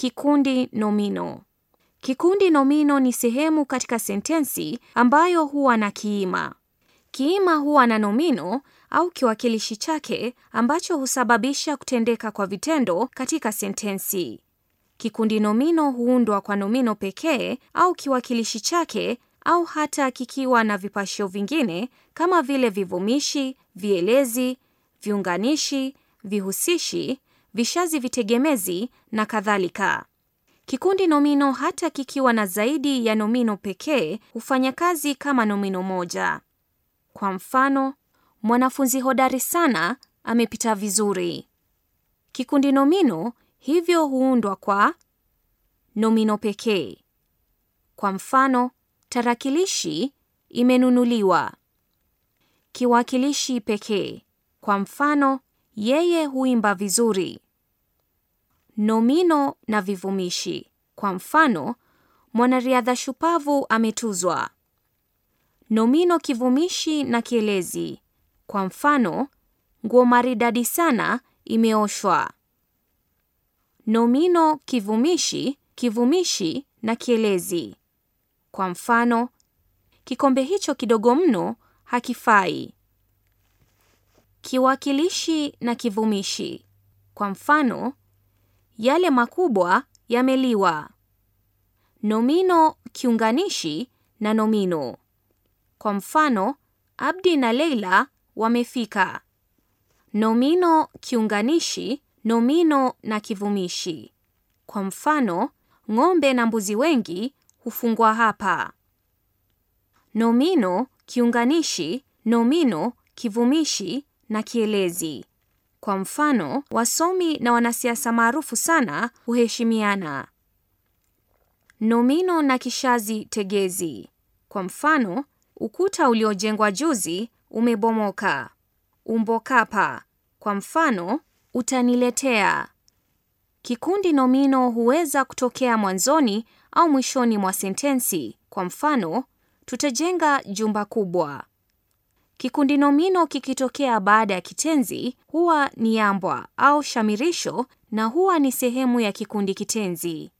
Kikundi nomino. Kikundi nomino ni sehemu katika sentensi ambayo huwa na kiima. Kiima huwa na nomino au kiwakilishi chake ambacho husababisha kutendeka kwa vitendo katika sentensi. Kikundi nomino huundwa kwa nomino pekee au kiwakilishi chake au hata kikiwa na vipashio vingine kama vile vivumishi, vielezi, viunganishi, vihusishi vishazi vitegemezi na kadhalika. Kikundi nomino hata kikiwa na zaidi ya nomino pekee hufanya kazi kama nomino moja. Kwa mfano, mwanafunzi hodari sana amepita vizuri. Kikundi nomino hivyo huundwa kwa nomino pekee. Kwa mfano, tarakilishi imenunuliwa. Kiwakilishi pekee. Kwa mfano, yeye huimba vizuri nomino na vivumishi. Kwa mfano, mwanariadha shupavu ametuzwa. Nomino kivumishi na kielezi. Kwa mfano, nguo maridadi sana imeoshwa. Nomino kivumishi, kivumishi na kielezi. Kwa mfano, kikombe hicho kidogo mno hakifai. Kiwakilishi na kivumishi. Kwa mfano, yale makubwa yameliwa. Nomino kiunganishi na nomino. Kwa mfano, Abdi na Leila wamefika. Nomino kiunganishi, nomino na kivumishi. Kwa mfano, ng'ombe na mbuzi wengi hufungwa hapa. Nomino kiunganishi, nomino kivumishi na kielezi. Kwa mfano, wasomi na wanasiasa maarufu sana huheshimiana. Nomino na kishazi tegezi. Kwa mfano, ukuta uliojengwa juzi umebomoka. Umbo kapa. Kwa mfano, utaniletea. Kikundi nomino huweza kutokea mwanzoni au mwishoni mwa sentensi. Kwa mfano, tutajenga jumba kubwa. Kikundi nomino kikitokea baada ya kitenzi huwa ni yambwa au shamirisho na huwa ni sehemu ya kikundi kitenzi.